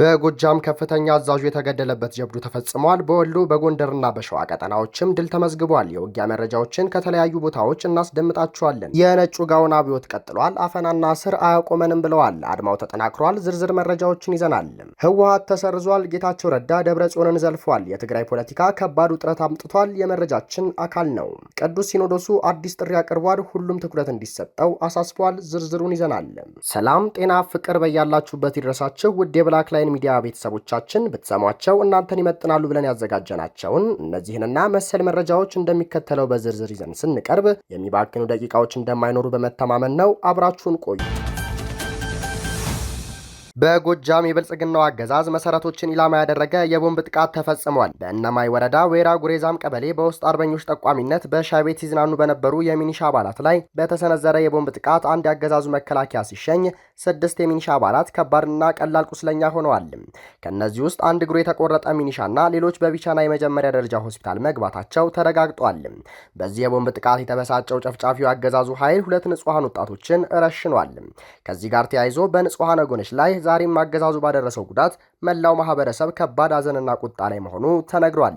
በጎጃም ከፍተኛ አዛዡ የተገደለበት ጀብዱ ተፈጽሟል። በወሎ በጎንደርና በሸዋ ቀጠናዎችም ድል ተመዝግቧል። የውጊያ መረጃዎችን ከተለያዩ ቦታዎች እናስደምጣችኋለን። የነጩ ጋውን አብዮት ቀጥሏል። አፈናና ስር አያቆመንም ብለዋል። አድማው ተጠናክሯል። ዝርዝር መረጃዎችን ይዘናል። ህወሀት ተሰርዟል። ጌታቸው ረዳ ደብረ ጽዮንን ዘልፏል። የትግራይ ፖለቲካ ከባድ ውጥረት አምጥቷል። የመረጃችን አካል ነው። ቅዱስ ሲኖዶሱ አዲስ ጥሪ አቅርቧል። ሁሉም ትኩረት እንዲሰጠው አሳስቧል። ዝርዝሩን ይዘናል። ሰላም፣ ጤና፣ ፍቅር በያላችሁበት ይድረሳችሁ ውድ የብላክ ላይን የኤኤን ሚዲያ ቤተሰቦቻችን ብትሰሟቸው እናንተን ይመጥናሉ ብለን ያዘጋጀናቸውን እነዚህንና መሰል መረጃዎች እንደሚከተለው በዝርዝር ይዘን ስንቀርብ የሚባክኑ ደቂቃዎች እንደማይኖሩ በመተማመን ነው። አብራችሁን ቆዩ። በጎጃም የብልጽግናው አገዛዝ መሰረቶችን ኢላማ ያደረገ የቦምብ ጥቃት ተፈጽሟል። በእነማይ ወረዳ ወይራ ጉሬዛም ቀበሌ በውስጥ አርበኞች ጠቋሚነት በሻይ ቤት ሲዝናኑ በነበሩ የሚኒሻ አባላት ላይ በተሰነዘረ የቦምብ ጥቃት አንድ የአገዛዙ መከላከያ ሲሸኝ፣ ስድስት የሚኒሻ አባላት ከባድና ቀላል ቁስለኛ ሆነዋል። ከእነዚህ ውስጥ አንድ እግሩ የተቆረጠ ሚኒሻና ሌሎች በቢቻና የመጀመሪያ ደረጃ ሆስፒታል መግባታቸው ተረጋግጧል። በዚህ የቦምብ ጥቃት የተበሳጨው ጨፍጫፊው አገዛዙ ኃይል ሁለት ንጹሐን ወጣቶችን ረሽኗል። ከዚህ ጋር ተያይዞ በንጹሐን ጎኖች ላይ ዛሬም አገዛዙ ባደረሰው ጉዳት መላው ማህበረሰብ ከባድ ሀዘንና ቁጣ ላይ መሆኑ ተነግሯል።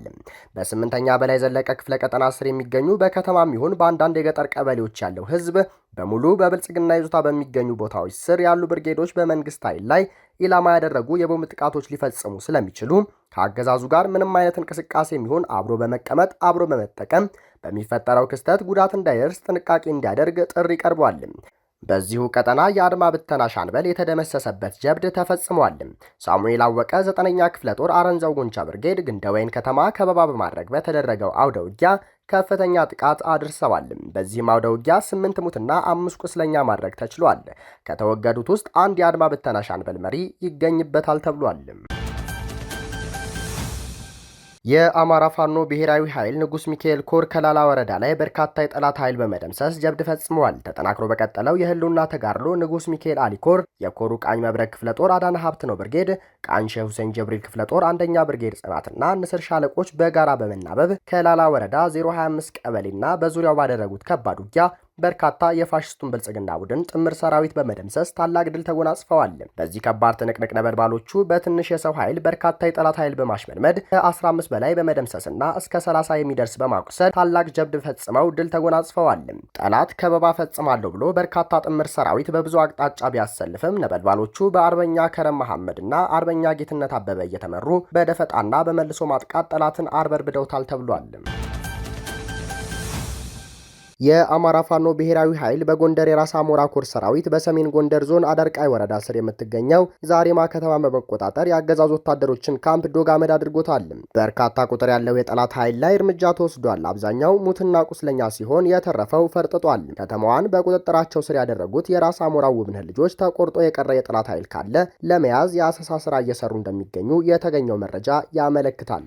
በስምንተኛ በላይ ዘለቀ ክፍለ ቀጠና ስር የሚገኙ በከተማም ይሁን በአንዳንድ የገጠር ቀበሌዎች ያለው ህዝብ በሙሉ በብልጽግና ይዞታ በሚገኙ ቦታዎች ስር ያሉ ብርጌዶች በመንግስት ኃይል ላይ ኢላማ ያደረጉ የቦምብ ጥቃቶች ሊፈጽሙ ስለሚችሉ ከአገዛዙ ጋር ምንም አይነት እንቅስቃሴ የሚሆን አብሮ በመቀመጥ አብሮ በመጠቀም በሚፈጠረው ክስተት ጉዳት እንዳይደርስ ጥንቃቄ እንዲያደርግ ጥሪ ቀርቧል። በዚሁ ቀጠና የአድማ ብተና ሻንበል የተደመሰሰበት ጀብድ ተፈጽሟል። ሳሙኤል አወቀ ዘጠነኛ ክፍለ ጦር አረንዘው ጉንቻ ብርጌድ ግንደወይን ከተማ ከበባ በማድረግ በተደረገው አውደ ውጊያ ከፍተኛ ጥቃት አድርሰዋል። በዚህም አውደ ውጊያ ስምንት ሙትና አምስት ቁስለኛ ማድረግ ተችሏል። ከተወገዱት ውስጥ አንድ የአድማ ብተና ሻንበል መሪ ይገኝበታል ተብሏል። የአማራ ፋኖ ብሔራዊ ኃይል ንጉስ ሚካኤል ኮር ከላላ ወረዳ ላይ በርካታ የጠላት ኃይል በመደምሰስ ጀብድ ፈጽመዋል። ተጠናክሮ በቀጠለው የህልውና ተጋድሎ ንጉስ ሚካኤል አሊ ኮር የኮሩ ቃኝ መብረክ ክፍለ ጦር አዳነ ሀብት ነው ብርጌድ፣ ቃኝ ሼህ ሁሴን ጀብሪል ክፍለ ጦር አንደኛ ብርጌድ ጽናትና ንስር ሻለቆች በጋራ በመናበብ ከላላ ወረዳ 025 ቀበሌና በዙሪያው ባደረጉት ከባድ ውጊያ በርካታ የፋሽስቱን ብልጽግና ቡድን ጥምር ሰራዊት በመደምሰስ ታላቅ ድል ተጎናጽፈዋል። በዚህ ከባድ ትንቅንቅ ነበልባሎቹ በትንሽ የሰው ኃይል በርካታ የጠላት ኃይል በማሽመድመድ ከ15 በላይ በመደምሰስና እስከ 30 የሚደርስ በማቁሰል ታላቅ ጀብድ ፈጽመው ድል ተጎናጽፈዋል። ጠላት ከበባ ፈጽማለሁ ብሎ በርካታ ጥምር ሰራዊት በብዙ አቅጣጫ ቢያሰልፍም ነበልባሎቹ በአርበኛ ከረም መሐመድ አርበኛ ጌትነት አበበ እየተመሩ በደፈጣና በመልሶ ማጥቃት ጠላትን አርበርብደውታል ተብሏል። የአማራ ፋኖ ብሔራዊ ኃይል በጎንደር የራስ አሞራ ኮር ሰራዊት በሰሜን ጎንደር ዞን አደርቃይ ወረዳ ስር የምትገኘው ዛሬማ ከተማ በመቆጣጠር የአገዛዝ ወታደሮችን ካምፕ ዶግ አመድ አድርጎታል። በርካታ ቁጥር ያለው የጠላት ኃይል ላይ እርምጃ ተወስዷል። አብዛኛው ሙትና ቁስለኛ ሲሆን የተረፈው ፈርጥጧል። ከተማዋን በቁጥጥራቸው ስር ያደረጉት የራስ አሞራ ውብነህ ልጆች ተቆርጦ የቀረ የጠላት ኃይል ካለ ለመያዝ የአሰሳ ስራ እየሰሩ እንደሚገኙ የተገኘው መረጃ ያመለክታል።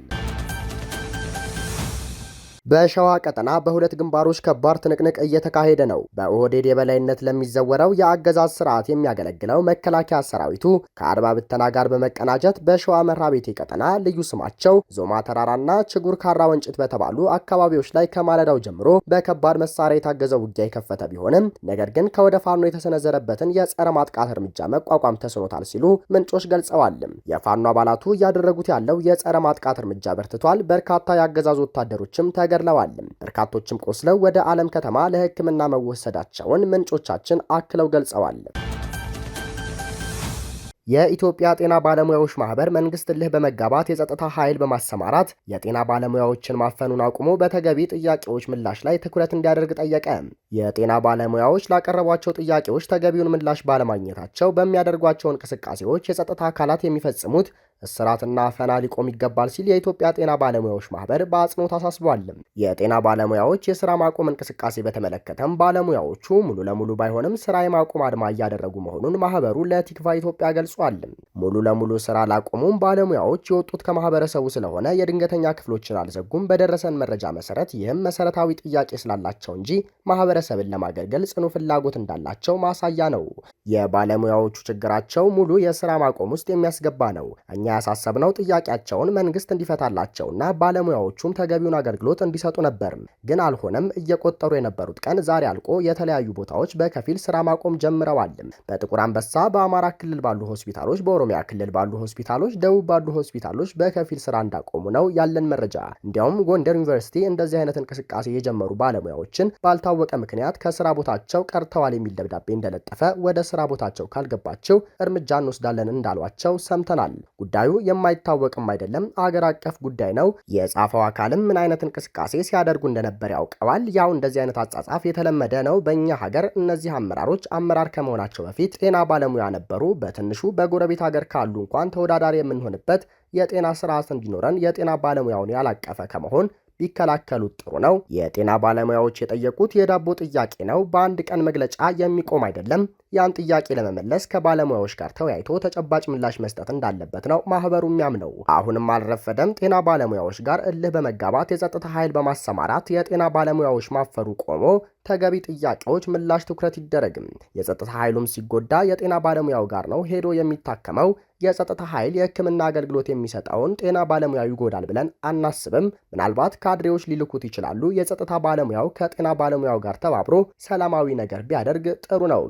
በሸዋ ቀጠና በሁለት ግንባሮች ከባድ ትንቅንቅ እየተካሄደ ነው። በኦህዴድ የበላይነት ለሚዘወረው የአገዛዝ ስርዓት የሚያገለግለው መከላከያ ሰራዊቱ ከአድማ ብተና ጋር በመቀናጀት በሸዋ መርሐቤቴ ቀጠና ልዩ ስማቸው ዞማ ተራራና ችጉር ካራ ወንጭት በተባሉ አካባቢዎች ላይ ከማለዳው ጀምሮ በከባድ መሳሪያ የታገዘው ውጊያ የከፈተ ቢሆንም ነገር ግን ከወደ ፋኖ የተሰነዘረበትን የጸረ ማጥቃት እርምጃ መቋቋም ተስኖታል ሲሉ ምንጮች ገልጸዋል። የፋኖ አባላቱ እያደረጉት ያለው የጸረ ማጥቃት እርምጃ በርትቷል። በርካታ የአገዛዝ ወታደሮችም ተገ ተገድለዋል። በርካቶችም ቆስለው ወደ ዓለም ከተማ ለሕክምና መወሰዳቸውን ምንጮቻችን አክለው ገልጸዋል። የኢትዮጵያ ጤና ባለሙያዎች ማህበር መንግስት እልህ በመጋባት የጸጥታ ኃይል በማሰማራት የጤና ባለሙያዎችን ማፈኑን አቁሞ በተገቢ ጥያቄዎች ምላሽ ላይ ትኩረት እንዲያደርግ ጠየቀ። የጤና ባለሙያዎች ላቀረቧቸው ጥያቄዎች ተገቢውን ምላሽ ባለማግኘታቸው በሚያደርጓቸው እንቅስቃሴዎች የጸጥታ አካላት የሚፈጽሙት እስራትና አፈና ሊቆም ይገባል ሲል የኢትዮጵያ ጤና ባለሙያዎች ማህበር በአጽንኦት አሳስቧል። የጤና ባለሙያዎች የስራ ማቆም እንቅስቃሴ በተመለከተም ባለሙያዎቹ ሙሉ ለሙሉ ባይሆንም ስራ የማቆም አድማ እያደረጉ መሆኑን ማህበሩ ለቲክቫ ኢትዮጵያ ገልጿል። ገልጿል። ሙሉ ለሙሉ ስራ አላቆሙም። ባለሙያዎች የወጡት ከማህበረሰቡ ስለሆነ የድንገተኛ ክፍሎችን አልዘጉም። በደረሰን መረጃ መሰረት ይህም መሰረታዊ ጥያቄ ስላላቸው እንጂ ማህበረሰብን ለማገልገል ጽኑ ፍላጎት እንዳላቸው ማሳያ ነው። የባለሙያዎቹ ችግራቸው ሙሉ የስራ ማቆም ውስጥ የሚያስገባ ነው። እኛ ያሳሰብነው ጥያቄያቸውን መንግስት እንዲፈታላቸውና ባለሙያዎቹም ተገቢውን አገልግሎት እንዲሰጡ ነበር። ግን አልሆነም። እየቆጠሩ የነበሩት ቀን ዛሬ አልቆ የተለያዩ ቦታዎች በከፊል ስራ ማቆም ጀምረዋል። በጥቁር አንበሳ፣ በአማራ ክልል ባሉ ሆስፒታሎች በኦሮሚያ ክልል ባሉ ሆስፒታሎች፣ ደቡብ ባሉ ሆስፒታሎች በከፊል ስራ እንዳቆሙ ነው ያለን መረጃ። እንዲያውም ጎንደር ዩኒቨርሲቲ እንደዚህ አይነት እንቅስቃሴ የጀመሩ ባለሙያዎችን ባልታወቀ ምክንያት ከስራ ቦታቸው ቀርተዋል የሚል ደብዳቤ እንደለጠፈ ወደ ስራ ቦታቸው ካልገባቸው እርምጃ እንወስዳለን እንዳሏቸው ሰምተናል። ጉዳዩ የማይታወቅም አይደለም፣ አገር አቀፍ ጉዳይ ነው። የጻፈው አካልም ምን አይነት እንቅስቃሴ ሲያደርጉ እንደነበር ያውቀዋል። ያው እንደዚህ አይነት አጻጻፍ የተለመደ ነው በእኛ ሀገር። እነዚህ አመራሮች አመራር ከመሆናቸው በፊት ጤና ባለሙያ ነበሩ። በትንሹ በጎረቤት ሀገር ካሉ እንኳን ተወዳዳሪ የምንሆንበት የጤና ስርዓት እንዲኖረን የጤና ባለሙያውን ያላቀፈ ከመሆን ቢከላከሉት ጥሩ ነው። የጤና ባለሙያዎች የጠየቁት የዳቦ ጥያቄ ነው፣ በአንድ ቀን መግለጫ የሚቆም አይደለም። ያን ጥያቄ ለመመለስ ከባለሙያዎች ጋር ተወያይቶ ተጨባጭ ምላሽ መስጠት እንዳለበት ነው ማህበሩ የሚያምነው። አሁንም አልረፈደም። ጤና ባለሙያዎች ጋር እልህ በመጋባት የጸጥታ ኃይል በማሰማራት የጤና ባለሙያዎች ማፈሩ ቆሞ ተገቢ ጥያቄዎች ምላሽ ትኩረት ይደረግም። የጸጥታ ኃይሉም ሲጎዳ የጤና ባለሙያው ጋር ነው ሄዶ የሚታከመው። የጸጥታ ኃይል የሕክምና አገልግሎት የሚሰጠውን ጤና ባለሙያ ይጎዳል ብለን አናስብም። ምናልባት ካድሬዎች ሊልኩት ይችላሉ። የጸጥታ ባለሙያው ከጤና ባለሙያው ጋር ተባብሮ ሰላማዊ ነገር ቢያደርግ ጥሩ ነው።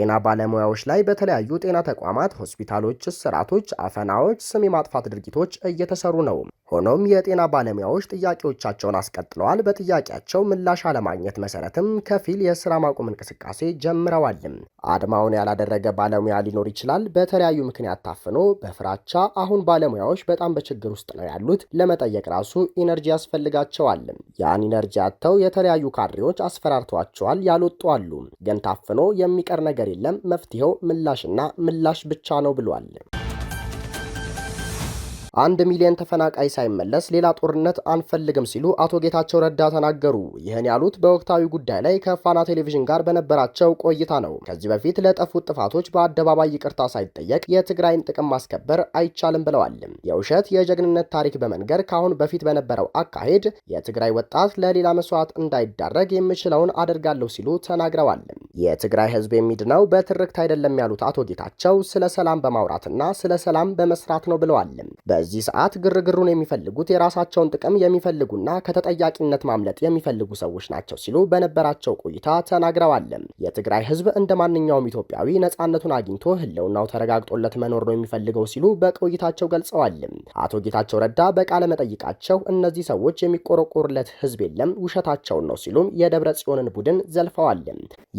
በጤና ባለሙያዎች ላይ በተለያዩ ጤና ተቋማት፣ ሆስፒታሎች ስርዓቶች፣ አፈናዎች፣ ስም የማጥፋት ድርጊቶች እየተሰሩ ነው። ሆኖም የጤና ባለሙያዎች ጥያቄዎቻቸውን አስቀጥለዋል። በጥያቄያቸው ምላሽ አለማግኘት መሰረትም ከፊል የስራ ማቆም እንቅስቃሴ ጀምረዋልም። አድማውን ያላደረገ ባለሙያ ሊኖር ይችላል። በተለያዩ ምክንያት ታፍኖ በፍራቻ አሁን ባለሙያዎች በጣም በችግር ውስጥ ነው ያሉት። ለመጠየቅ ራሱ ኢነርጂ ያስፈልጋቸዋል። ያን ኢነርጂ አጥተው የተለያዩ ካድሬዎች አስፈራርተዋቸዋል። ያልወጡ አሉ። ግን ታፍኖ የሚቀር ነገር የለም። መፍትሄው ምላሽና ምላሽ ብቻ ነው ብሏል። አንድ ሚሊዮን ተፈናቃይ ሳይመለስ ሌላ ጦርነት አንፈልግም ሲሉ አቶ ጌታቸው ረዳ ተናገሩ። ይህን ያሉት በወቅታዊ ጉዳይ ላይ ከፋና ቴሌቪዥን ጋር በነበራቸው ቆይታ ነው። ከዚህ በፊት ለጠፉት ጥፋቶች በአደባባይ ይቅርታ ሳይጠየቅ የትግራይን ጥቅም ማስከበር አይቻልም ብለዋል። የውሸት የጀግንነት ታሪክ በመንገር ካሁን በፊት በነበረው አካሄድ የትግራይ ወጣት ለሌላ መስዋዕት እንዳይዳረግ የምችለውን አደርጋለሁ ሲሉ ተናግረዋል። የትግራይ ህዝብ የሚድነው በትርክት አይደለም ያሉት አቶ ጌታቸው ስለ ሰላም በማውራትና ስለ ሰላም በመስራት ነው ብለዋል። በዚህ ሰዓት ግርግሩን የሚፈልጉት የራሳቸውን ጥቅም የሚፈልጉና ከተጠያቂነት ማምለጥ የሚፈልጉ ሰዎች ናቸው ሲሉ በነበራቸው ቆይታ ተናግረዋል። የትግራይ ህዝብ እንደ ማንኛውም ኢትዮጵያዊ ነጻነቱን አግኝቶ ህልውናው ተረጋግጦለት መኖር ነው የሚፈልገው ሲሉ በቆይታቸው ገልጸዋል። አቶ ጌታቸው ረዳ በቃለ መጠይቃቸው እነዚህ ሰዎች የሚቆረቆሩለት ህዝብ የለም ውሸታቸውን ነው ሲሉም የደብረ ጽዮንን ቡድን ዘልፈዋል።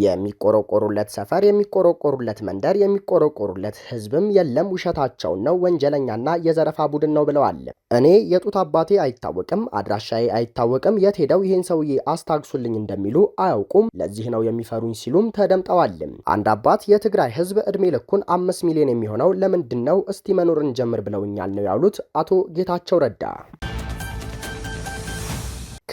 የሚቆረቆሩለት ሰፈር፣ የሚቆረቆሩለት መንደር፣ የሚቆረቆሩለት ህዝብም የለም ውሸታቸውን ነው ወንጀለኛና የዘረፋ ቡድን ነው ብለዋል። እኔ የጡት አባቴ አይታወቅም፣ አድራሻዬ አይታወቅም፣ የት ሄደው ይህን ሰውዬ አስታግሱልኝ እንደሚሉ አያውቁም። ለዚህ ነው የሚፈሩኝ ሲሉም ተደምጠዋል። አንድ አባት የትግራይ ህዝብ እድሜ ልኩን አምስት ሚሊዮን የሚሆነው ለምንድን ነው እስቲ መኖር እንጀምር ብለውኛል ነው ያሉት አቶ ጌታቸው ረዳ።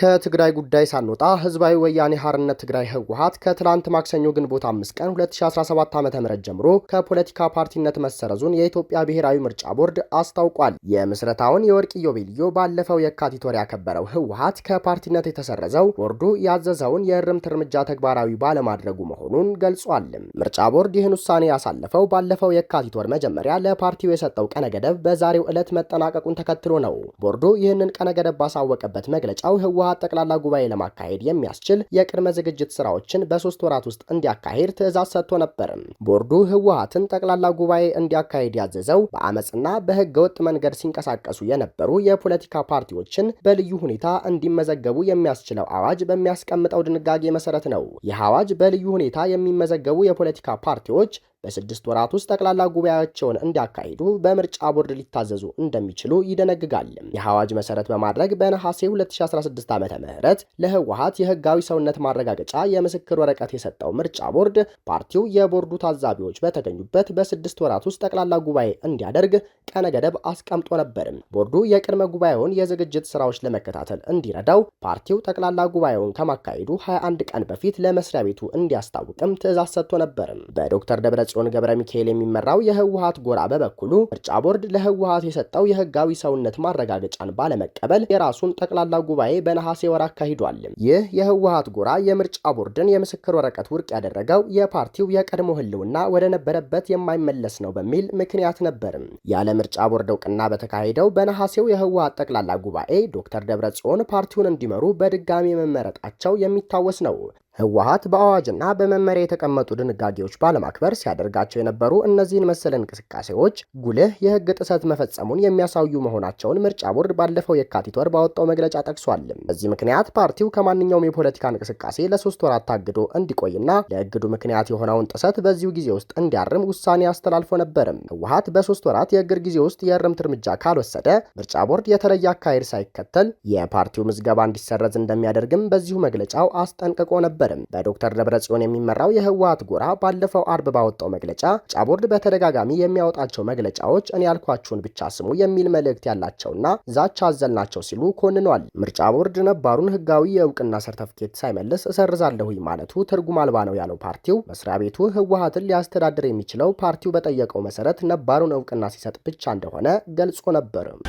ከትግራይ ጉዳይ ሳንወጣ ህዝባዊ ወያኔ ሀርነት ትግራይ ህወሀት ከትላንት ማክሰኞ ግንቦት አምስት ቀን 2017 ዓ ም ጀምሮ ከፖለቲካ ፓርቲነት መሰረዙን የኢትዮጵያ ብሔራዊ ምርጫ ቦርድ አስታውቋል። የምስረታውን የወርቅ ኢዮቤልዩ ባለፈው የካቲት ወር ያከበረው ህወሀት ከፓርቲነት የተሰረዘው ቦርዱ ያዘዘውን የእርምት እርምጃ ተግባራዊ ባለማድረጉ መሆኑን ገልጿል። ምርጫ ቦርድ ይህን ውሳኔ ያሳለፈው ባለፈው የካቲት ወር መጀመሪያ ለፓርቲው የሰጠው ቀነ ገደብ በዛሬው ዕለት መጠናቀቁን ተከትሎ ነው። ቦርዱ ይህንን ቀነ ገደብ ባሳወቀበት መግለጫው ህወሀት ጠቅላላ ጉባኤ ለማካሄድ የሚያስችል የቅድመ ዝግጅት ስራዎችን በሶስት ወራት ውስጥ እንዲያካሄድ ትዕዛዝ ሰጥቶ ነበር። ቦርዱ ህወሀትን ጠቅላላ ጉባኤ እንዲያካሄድ ያዘዘው በአመፅና በህገ ወጥ መንገድ ሲንቀሳቀሱ የነበሩ የፖለቲካ ፓርቲዎችን በልዩ ሁኔታ እንዲመዘገቡ የሚያስችለው አዋጅ በሚያስቀምጠው ድንጋጌ መሰረት ነው። ይህ አዋጅ በልዩ ሁኔታ የሚመዘገቡ የፖለቲካ ፓርቲዎች በስድስት ወራት ውስጥ ጠቅላላ ጉባኤያቸውን እንዲያካሂዱ በምርጫ ቦርድ ሊታዘዙ እንደሚችሉ ይደነግጋል። የሀዋጅ መሰረት በማድረግ በነሐሴ 2016 ዓ ም ለህወሀት የህጋዊ ሰውነት ማረጋገጫ የምስክር ወረቀት የሰጠው ምርጫ ቦርድ ፓርቲው የቦርዱ ታዛቢዎች በተገኙበት በስድስት ወራት ውስጥ ጠቅላላ ጉባኤ እንዲያደርግ ቀነ ገደብ አስቀምጦ ነበር። ቦርዱ የቅድመ ጉባኤውን የዝግጅት ስራዎች ለመከታተል እንዲረዳው ፓርቲው ጠቅላላ ጉባኤውን ከማካሄዱ 21 ቀን በፊት ለመስሪያ ቤቱ እንዲያስታውቅም ትዕዛዝ ሰጥቶ ነበር። በዶክተር ደብረ በጽዮን ገብረ ሚካኤል የሚመራው የህወሀት ጎራ በበኩሉ ምርጫ ቦርድ ለህወሀት የሰጠው የህጋዊ ሰውነት ማረጋገጫን ባለመቀበል የራሱን ጠቅላላ ጉባኤ በነሐሴ ወር አካሂዷል። ይህ የህወሀት ጎራ የምርጫ ቦርድን የምስክር ወረቀት ውድቅ ያደረገው የፓርቲው የቀድሞ ህልውና ወደ ነበረበት የማይመለስ ነው በሚል ምክንያት ነበርም። ያለ ምርጫ ቦርድ እውቅና በተካሄደው በነሐሴው የህወሀት ጠቅላላ ጉባኤ ዶክተር ደብረ ጽዮን ፓርቲውን እንዲመሩ በድጋሚ መመረጣቸው የሚታወስ ነው። ህወሀት በአዋጅና በመመሪያ የተቀመጡ ድንጋጌዎች ባለማክበር ሲያደርጋቸው የነበሩ እነዚህን መሰል እንቅስቃሴዎች ጉልህ የህግ ጥሰት መፈጸሙን የሚያሳዩ መሆናቸውን ምርጫ ቦርድ ባለፈው የካቲት ወር ባወጣው መግለጫ ጠቅሷል። በዚህ ምክንያት ፓርቲው ከማንኛውም የፖለቲካ እንቅስቃሴ ለሶስት ወራት ታግዶ እንዲቆይና ለእግዱ ምክንያት የሆነውን ጥሰት በዚሁ ጊዜ ውስጥ እንዲያርም ውሳኔ አስተላልፎ ነበርም። ህወሀት በሶስት ወራት የእግድ ጊዜ ውስጥ የእርምት እርምጃ ካልወሰደ ምርጫ ቦርድ የተለየ አካሄድ ሳይከተል የፓርቲው ምዝገባ እንዲሰረዝ እንደሚያደርግም በዚሁ መግለጫው አስጠንቅቆ ነበር። አልነበርም። በዶክተር ደብረጽዮን የሚመራው የህወሀት ጎራ ባለፈው አርብ ባወጣው መግለጫ ጫቦርድ በተደጋጋሚ የሚያወጣቸው መግለጫዎች እኔ ያልኳችሁን ብቻ ስሙ የሚል መልእክት ያላቸውና ዛቻ አዘል ናቸው ሲሉ ኮንኗል። ምርጫ ቦርድ ነባሩን ህጋዊ የእውቅና ሰርተፍኬት ሳይመልስ እሰርዛለሁኝ ማለቱ ትርጉም አልባ ነው ያለው ፓርቲው መስሪያ ቤቱ ህወሀትን ሊያስተዳድር የሚችለው ፓርቲው በጠየቀው መሰረት ነባሩን እውቅና ሲሰጥ ብቻ እንደሆነ ገልጾ ነበርም።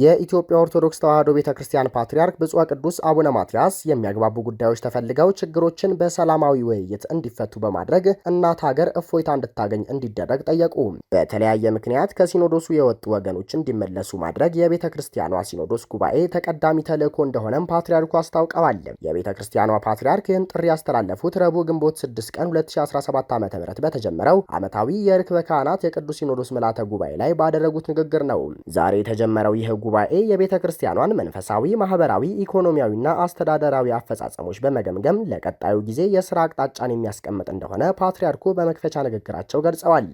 የኢትዮጵያ ኦርቶዶክስ ተዋሕዶ ቤተ ክርስቲያን ፓትርያርክ ብፁዕ ቅዱስ አቡነ ማትያስ የሚያግባቡ ጉዳዮች ተፈልገው ችግሮችን በሰላማዊ ውይይት እንዲፈቱ በማድረግ እናት ሀገር እፎይታ እንድታገኝ እንዲደረግ ጠየቁ። በተለያየ ምክንያት ከሲኖዶሱ የወጡ ወገኖች እንዲመለሱ ማድረግ የቤተ ክርስቲያኗ ሲኖዶስ ጉባኤ ተቀዳሚ ተልዕኮ እንደሆነም ፓትርያርኩ አስታውቀዋል። የቤተ ክርስቲያኗ ፓትርያርክ ይህን ጥሪ ያስተላለፉት ረቡዕ ግንቦት 6 ቀን 2017 ዓ ም በተጀመረው ዓመታዊ የርክበ ካህናት የቅዱስ ሲኖዶስ ምልዓተ ጉባኤ ላይ ባደረጉት ንግግር ነው። ዛሬ የተጀመረው ይህ ጉባኤ የቤተ ክርስቲያኗን መንፈሳዊ፣ ማህበራዊ፣ ኢኮኖሚያዊና አስተዳደራዊ አፈጻጸሞች በመገምገም ለቀጣዩ ጊዜ የስራ አቅጣጫን የሚያስቀምጥ እንደሆነ ፓትርያርኩ በመክፈቻ ንግግራቸው ገልጸዋል።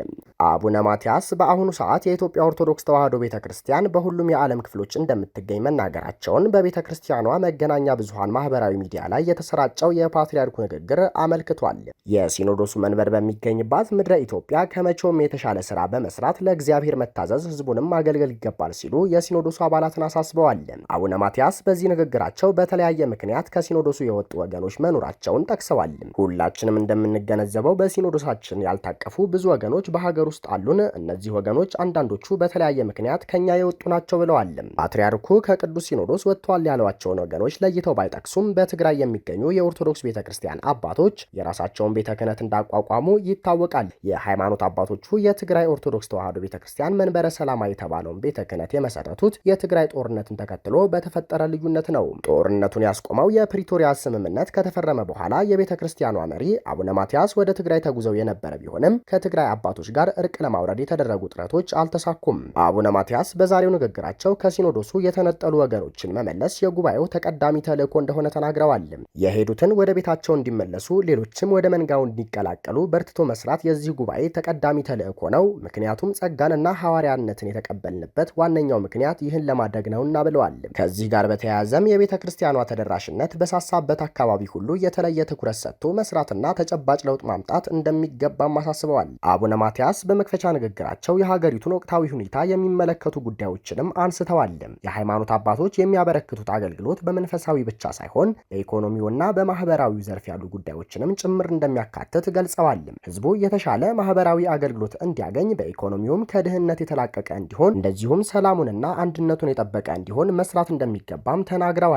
አቡነ ማትያስ በአሁኑ ሰዓት የኢትዮጵያ ኦርቶዶክስ ተዋሕዶ ቤተ ክርስቲያን በሁሉም የዓለም ክፍሎች እንደምትገኝ መናገራቸውን በቤተ ክርስቲያኗ መገናኛ ብዙሃን ማህበራዊ ሚዲያ ላይ የተሰራጨው የፓትርያርኩ ንግግር አመልክቷል። የሲኖዶሱ መንበር በሚገኝባት ምድረ ኢትዮጵያ ከመቼውም የተሻለ ስራ በመስራት ለእግዚአብሔር መታዘዝ ህዝቡንም ማገልገል ይገባል ሲሉ የሲኖዶሱ የሲኖዶሱ አባላትን አሳስበዋል። አቡነ ማትያስ በዚህ ንግግራቸው በተለያየ ምክንያት ከሲኖዶሱ የወጡ ወገኖች መኖራቸውን ጠቅሰዋል። ሁላችንም እንደምንገነዘበው በሲኖዶሳችን ያልታቀፉ ብዙ ወገኖች በሀገር ውስጥ አሉን። እነዚህ ወገኖች አንዳንዶቹ በተለያየ ምክንያት ከኛ የወጡ ናቸው ብለዋል። ፓትርያርኩ ከቅዱስ ሲኖዶስ ወጥተዋል ያሏቸውን ወገኖች ለይተው ባይጠቅሱም በትግራይ የሚገኙ የኦርቶዶክስ ቤተ ክርስቲያን አባቶች የራሳቸውን ቤተ ክህነት እንዳቋቋሙ ይታወቃል። የሃይማኖት አባቶቹ የትግራይ ኦርቶዶክስ ተዋሕዶ ቤተ ክርስቲያን መንበረ ሰላማ የተባለውን ቤተ ክህነት የመሰረቱት የትግራይ ጦርነትን ተከትሎ በተፈጠረ ልዩነት ነው። ጦርነቱን ያስቆመው የፕሪቶሪያ ስምምነት ከተፈረመ በኋላ የቤተ ክርስቲያኗ መሪ አቡነ ማትያስ ወደ ትግራይ ተጉዘው የነበረ ቢሆንም ከትግራይ አባቶች ጋር እርቅ ለማውረድ የተደረጉ ጥረቶች አልተሳኩም። አቡነ ማትያስ በዛሬው ንግግራቸው ከሲኖዶሱ የተነጠሉ ወገኖችን መመለስ የጉባኤው ተቀዳሚ ተልዕኮ እንደሆነ ተናግረዋል። የሄዱትን ወደ ቤታቸው እንዲመለሱ፣ ሌሎችም ወደ መንጋው እንዲቀላቀሉ በርትቶ መስራት የዚህ ጉባኤ ተቀዳሚ ተልዕኮ ነው። ምክንያቱም ጸጋንና ሐዋርያነትን የተቀበልንበት ዋነኛው ምክንያት ይህ ይህን ለማድረግ ነውና ብለዋል። ከዚህ ጋር በተያያዘም የቤተ ክርስቲያኗ ተደራሽነት በሳሳበት አካባቢ ሁሉ የተለየ ትኩረት ሰጥቶ መስራትና ተጨባጭ ለውጥ ማምጣት እንደሚገባም አሳስበዋል። አቡነ ማትያስ በመክፈቻ ንግግራቸው የሀገሪቱን ወቅታዊ ሁኔታ የሚመለከቱ ጉዳዮችንም አንስተዋል። የሃይማኖት አባቶች የሚያበረክቱት አገልግሎት በመንፈሳዊ ብቻ ሳይሆን በኢኮኖሚውና በማህበራዊው ዘርፍ ያሉ ጉዳዮችንም ጭምር እንደሚያካትት ገልጸዋል። ህዝቡ የተሻለ ማህበራዊ አገልግሎት እንዲያገኝ በኢኮኖሚውም ከድህነት የተላቀቀ እንዲሆን እንደዚሁም ሰላሙንና አንድነት ኃላፊነቱን የጠበቀ እንዲሆን መስራት እንደሚገባም ተናግረዋል።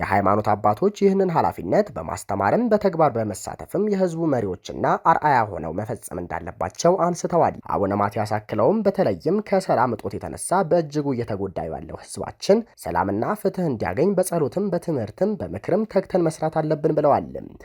የሃይማኖት አባቶች ይህንን ኃላፊነት በማስተማርም በተግባር በመሳተፍም የህዝቡ መሪዎችና አርአያ ሆነው መፈጸም እንዳለባቸው አንስተዋል። አቡነ ማትያስ አክለውም በተለይም ከሰላም እጦት የተነሳ በእጅጉ እየተጎዳ ያለው ህዝባችን ሰላምና ፍትህ እንዲያገኝ በጸሎትም በትምህርትም በምክርም ተግተን መስራት አለብን ብለዋል።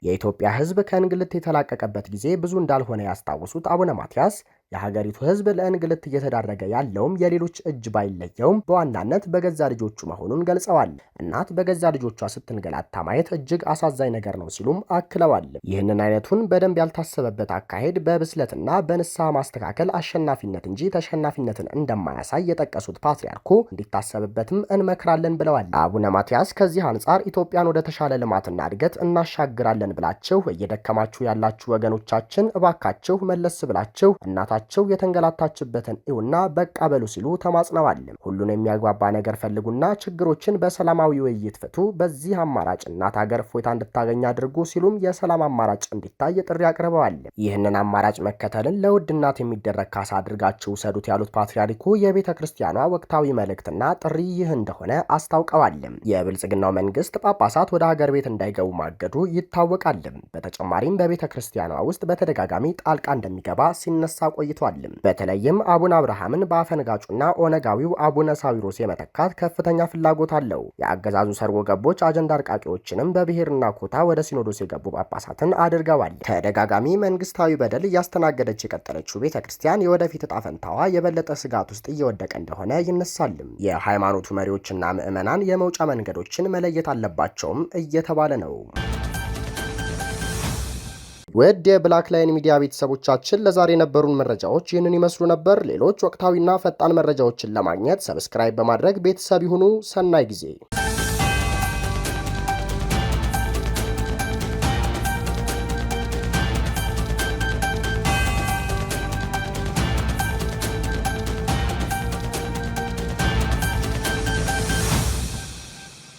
የኢትዮጵያ ህዝብ ከእንግልት የተላቀቀበት ጊዜ ብዙ እንዳልሆነ ያስታውሱት አቡነ ማትያስ የሀገሪቱ ህዝብ ለእንግልት እየተዳረገ ያለውም የሌሎች እጅ ባይለየውም በዋናነት በገዛ ልጆቹ መሆኑን ገልጸዋል። እናት በገዛ ልጆቿ ስትንገላታ ማየት እጅግ አሳዛኝ ነገር ነው ሲሉም አክለዋል። ይህንን አይነቱን በደንብ ያልታሰበበት አካሄድ በብስለትና በንስሐ ማስተካከል አሸናፊነት እንጂ ተሸናፊነትን እንደማያሳይ የጠቀሱት ፓትርያርኩ እንዲታሰብበትም እንመክራለን ብለዋል። አቡነ ማትያስ ከዚህ አንጻር ኢትዮጵያን ወደ ተሻለ ልማትና እድገት እናሻግራለን ብላችሁ እየደከማችሁ ያላችሁ ወገኖቻችን እባካችሁ መለስ ብላችሁ እናታ ልጃቸው የተንገላታችበትን እውና በቃ በሉ ሲሉ ተማጽነዋል። ሁሉን የሚያግባባ ነገር ፈልጉና ችግሮችን በሰላማዊ ውይይት ፍቱ። በዚህ አማራጭ እናት ሀገር እፎይታ እንድታገኝ አድርጉ ሲሉም የሰላም አማራጭ እንዲታይ ጥሪ አቅርበዋል። ይህንን አማራጭ መከተልን ለውድ እናት የሚደረግ ካሳ አድርጋችሁ ውሰዱት ያሉት ፓትርያርኩ የቤተ ክርስቲያኗ ወቅታዊ መልእክትና ጥሪ ይህ እንደሆነ አስታውቀዋል። የብልጽግናው መንግስት ጳጳሳት ወደ ሀገር ቤት እንዳይገቡ ማገዱ ይታወቃል። በተጨማሪም በቤተ ክርስቲያኗ ውስጥ በተደጋጋሚ ጣልቃ እንደሚገባ ሲነሳ ቆይቷል። በተለይም አቡነ አብርሃምን በአፈንጋጩና ኦነጋዊው አቡነ ሳዊሮስ የመተካት ከፍተኛ ፍላጎት አለው። የአገዛዙ ሰርጎ ገቦች አጀንዳ አርቃቂዎችንም በብሔርና ኮታ ወደ ሲኖዶስ የገቡ ጳጳሳትን አድርገዋል። ተደጋጋሚ መንግስታዊ በደል እያስተናገደች የቀጠለችው ቤተ ክርስቲያን የወደፊት እጣ ፈንታዋ የበለጠ ስጋት ውስጥ እየወደቀ እንደሆነ ይነሳልም። የሃይማኖቱ መሪዎችና ምዕመናን የመውጫ መንገዶችን መለየት አለባቸውም እየተባለ ነው። ውድ የብላክ ላይን ሚዲያ ቤተሰቦቻችን ለዛሬ የነበሩን መረጃዎች ይህንን ይመስሉ ነበር። ሌሎች ወቅታዊና ፈጣን መረጃዎችን ለማግኘት ሰብስክራይብ በማድረግ ቤተሰብ ይሁኑ። ሰናይ ጊዜ